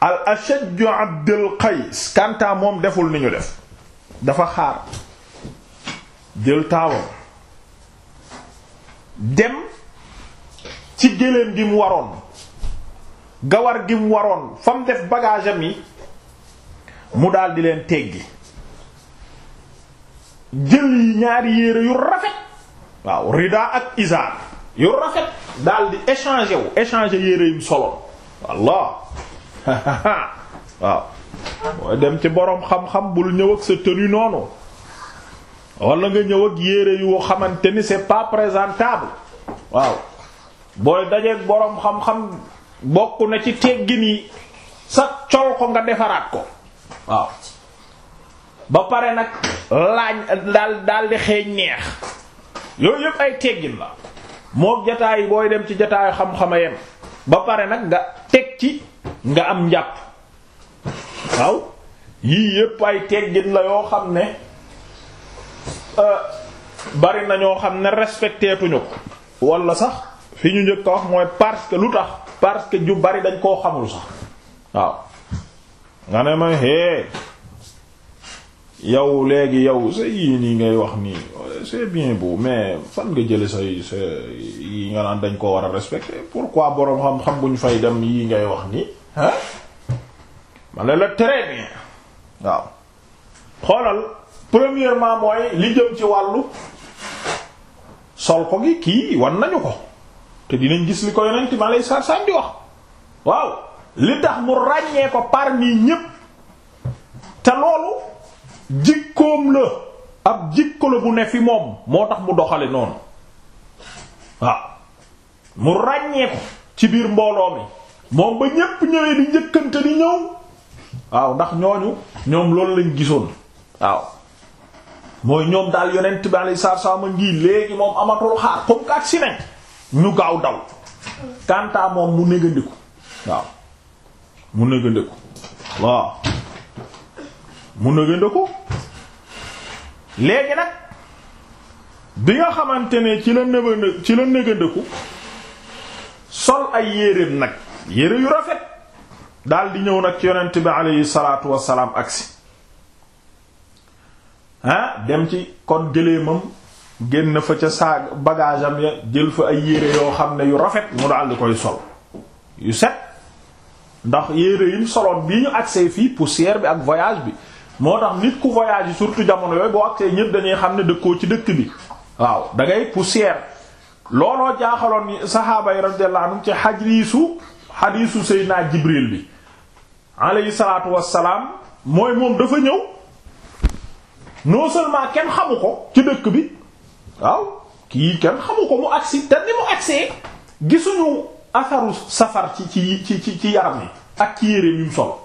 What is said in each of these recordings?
al ashaj abdul qays kanta moom deful ni ñu def dafa xaar jël taawam dem ci géléem gi mu waroon gawar gi mu waroon fa mu def bagage am yi mu daal di leen teggi jël yi ñaari yére yu rafet waaw rida ak isaar yu rafet daal di échanger wu échanger yére yim solo wallah waaw mooy dem ci boroom xam-xam bul ñëw ak sa tenue noonu wala nga ñëw yére yu xamante ni c'est pas présentable waaw booy dajeeg boroom xam-xam bokk na ci teggin yi sa col ko nga defaraat ko waaw ba pare nag laañ daal daal di xeeñ neex yooyu yëpp ay teggin la moo jataay booy dem ci jataayu xam-xama yem ba pare nag nga teg ci nga am njàpp waaw yii yépp ay teggin la yoo xam ne euh, bari na ñoo xam ne respecté tuñu ko wala sax fi ñu njëkk a wax mooy parce que lu tax parce que ju bari dañ koo xamul sax waaw nga ne ma hé yow léegi yow sa yii nii ngay wax nii c'est bien beau mais fan nga jële sa sa yi nga naan dañ koo war a respecter pourquoi boroom xam-xam bu ñu fay dem yii ngay wax nii ah ma ne la très bien waaw xoolal premièrement mooy li jëm ci wàllu sol ko gi kii wan nañu ko te dinañ gis li ko yonent ma lay di wax waaw li tax mu ràññee ko parmi ñépp te loolu jikkoom la ab jikko la bu ne fi moom moo tax mu doxale noonu waaw mu ràññee ko ci biir mbooloo mi moom ba ñépp ñëwee di njëkkante di ñëw waaw ndax ñooñu ñoom loolu lañ gisoon waaw mooy ñoom daal yonent bi alayhi salaatu salaam ngi léegi moom amatul xaar comme si nañ ñu gaaw daw kanta moom mu négandiku waaw mu négandiku léegi nag bi nga xamante ne ci ci la négandiku sol ay yéreem nag yére yu rafet daal di ñëw nag ci yonent bi aleyhi salaatu wasalaam agsi ah dem ci kon gëléemam génn fa ca saag bagage am ya jël fa ay yére yoo xam ne yu rafet mu daal di koy sol yu set ndax yére yim soloon bii ñu agsee fii poussière bi ak voyage bi moo tax nit ku voyage yi surtout jamono yooyu boo agsee ñëpp dañuy xam ne dëkkoo ci dëkk bi waaw da ngay poussière looloo jaaxaloon saxaaba yi radiyallahu xaj ci xajriisu xadiisu Seydina Jibril bi alayhi salaatu wassalaam mooy moom dafa ñëw non seulement kenn xamu ko ci dëkk bi waaw kii kenn xamu ko mu agsi te ni mu agsee gisuñu asaru safar ci ci ci ci yaram yi ak ci yére mu solo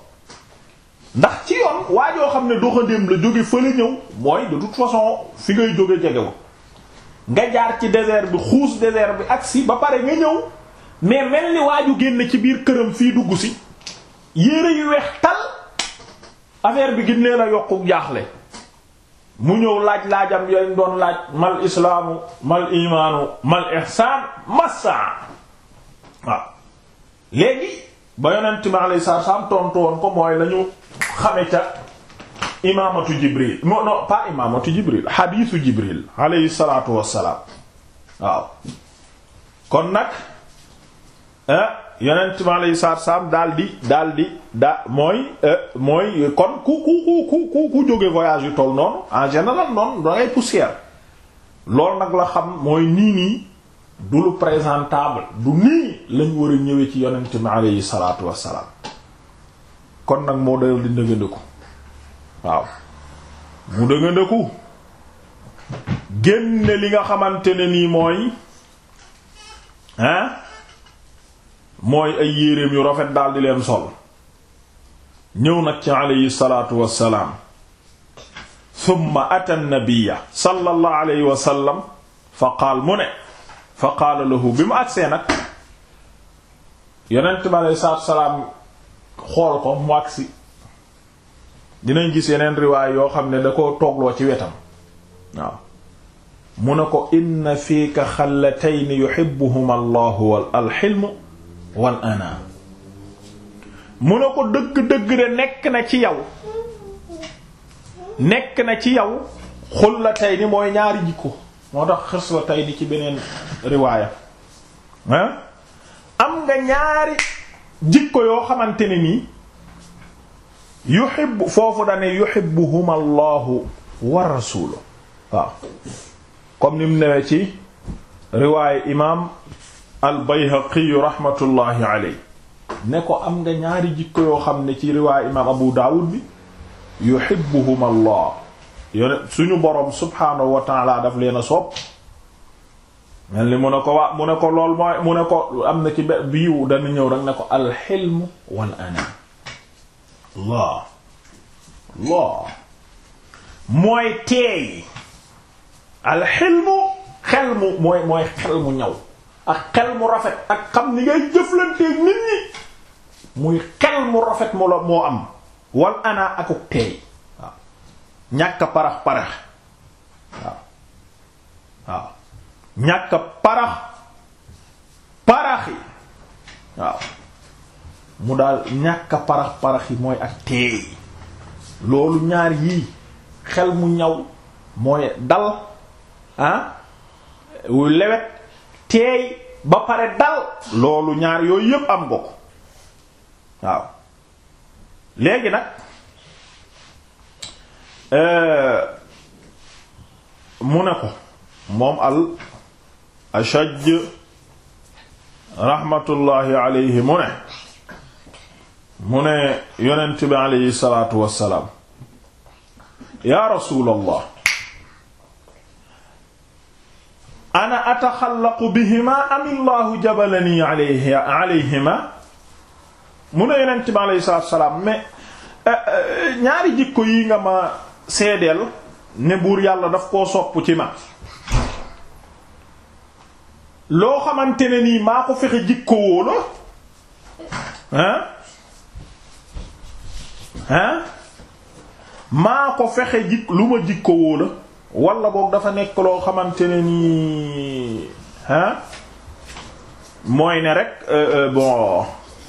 ndax ci yoon waa joo xam ne doxandéem la jóge fële ñëw mooy de toute façon fi ngay jóge jege nga jaar ci désert bi xuus désert bi agsi ba pare nga ñëw mais mel ni waaju génn ci biir këram fii dugg si yére yu weex tal affaire bi gin nee na yokku jaaxle mu ñëw laaj laajam yooyu doon laaj mal islaamu mal imaanu mal ihsaan masaa waaw léegi ba yonent mi alayhi salaam tontu woon ko mooy lañu xame ca imaamatu jibril non non imaamatu jibril xadiisu jibril alayhi salaatu wassalaam waaw kon nag Euh, yonent bi alayhi salaatu salaam daal di dal di da mooy euh, mooy kon ku ku ku ku ku jóge voyage yu toll noonu en général noonu dangay poussière loolu nag la xam mooy nii nii du lu présentable du nii lañ war a ñëwee ci yonent bi alayhi salaatu wassalaam kon nag moo dal di ndëgëndëku waaw mu dëgëndëku génne li nga xamante ne nii mooy hein mooy ay yéreem yu rafet daal di leen sol ñëw nag ci aleyhi salaatu wassalaam summa ata nabiyya sallallahu alayhi wa sallam fa qaal mu ne fa qaala lahu bi mu agsee nag yonent bi aleyhi salaatu wassalaam xool ko mu agsi dinañ gis yeneen riwaay yoo xam ne da ko toogloo ci wetam waaw mu ne ko inna fiika xallatayni yuhibbuhuma allahu wal xilmu wal ana mu ne ko dëgg-dëgg de nekk na ci yow nekk na ci yow xullatayni mooy ñaari jikko moo tax tey xislatayni ci beneen riwaaya am nga ñaari jikko yoo xamante ne nii yuhibbu foofu dane yuhibbuhuma allahu wa rasuluhu waaw comme ni mu newee ci riwaaya imaam al bayhaqi rahmatullahi ne ko am nga ñaari jikko yoo xam ne ci riwaay imaam abu daawud bi yuhibbuhum allah suñu borom subhaanahu wa taala daf leen a sopp mel ni mu ne ko waa mu ne ko am na ci be biiwu dana ñëw rek ne ko alxilm wal ana mooy teey alxilmu xel mu mooy xel mu ñaw ak xel mu rafet ak xam ni ngay jëflanteeg nit ñi muy xel mu rafet mu moo am wan ana akuk teey waaw ñàkk parax parax waaw waaw ñàkk parax parax yi waaw mu daal ñàkk parax parax yi mooy ak teey loolu ñaar yii xel mu ñaw mooy dal wuy ah, lewet teey ba pare dal loolu ñaar yooyu yépp am nga ko waaw léegi nag euh, mu ne ko moom al ashaj rahmatullahi alayhi mu ne mu ne yonent bi alayhi salaatu wassalaam yaa rasuulallah ana ataxallaqu bihima amillahu jabalani alayhi alayhima mu ne yonent bi alayhi salaatu salaam mais eh, eh, ñaari jikko yi nga ma seedeel ne buur yàlla daf koo sopp ci ma loo xamante ne nii maa ko fexe jikko wóola hein hein maa ko fexe jik lu ma jikko wóola wala boog dafa nekk loo xamante ne nii ah mooy ne rek euh, euh, bon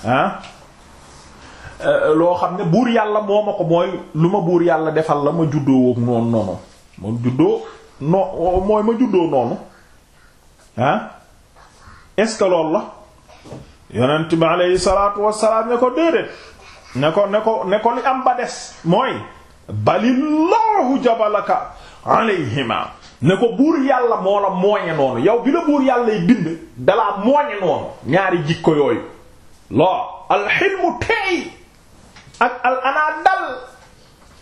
ah loo xam ne buur yàlla moo ma ko mooy lu ma buur yàlla defal la ma juddoo woog noonu noonu ma juddoo noo mooy noonu ah est-ce la yonent bi aleyhi salaatu wassalaam ne ko déedéet ne ko ne ko ne ko li am ba des mooy balillahu jabalaka alayhima ne ko buur yàlla moo la mooñe noonu yow bi la buur yàlla yi bind dalaa mooñe noonu ñaari jikko yooyu loo alxilmu teey ak al anaa dal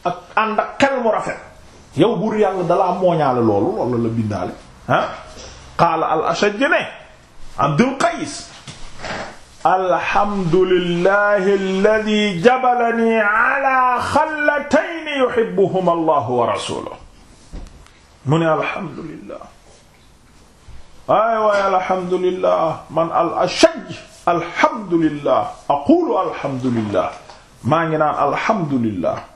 ak ànd ak xel mu rafet yow buur yàlla dalaa mooñaale loolu loolu la bindaale ah qaala al ashaj ne abdul qays alhamdulillahi alladi jabalani ala xallatayn yuhibbuhuma allahu wa rasuluhu mu ne alhamdulillah ay waay alhamdulillah man al ashaj alhamdulillah aqulu alhamdulillah maa ngi naan alhamdulillah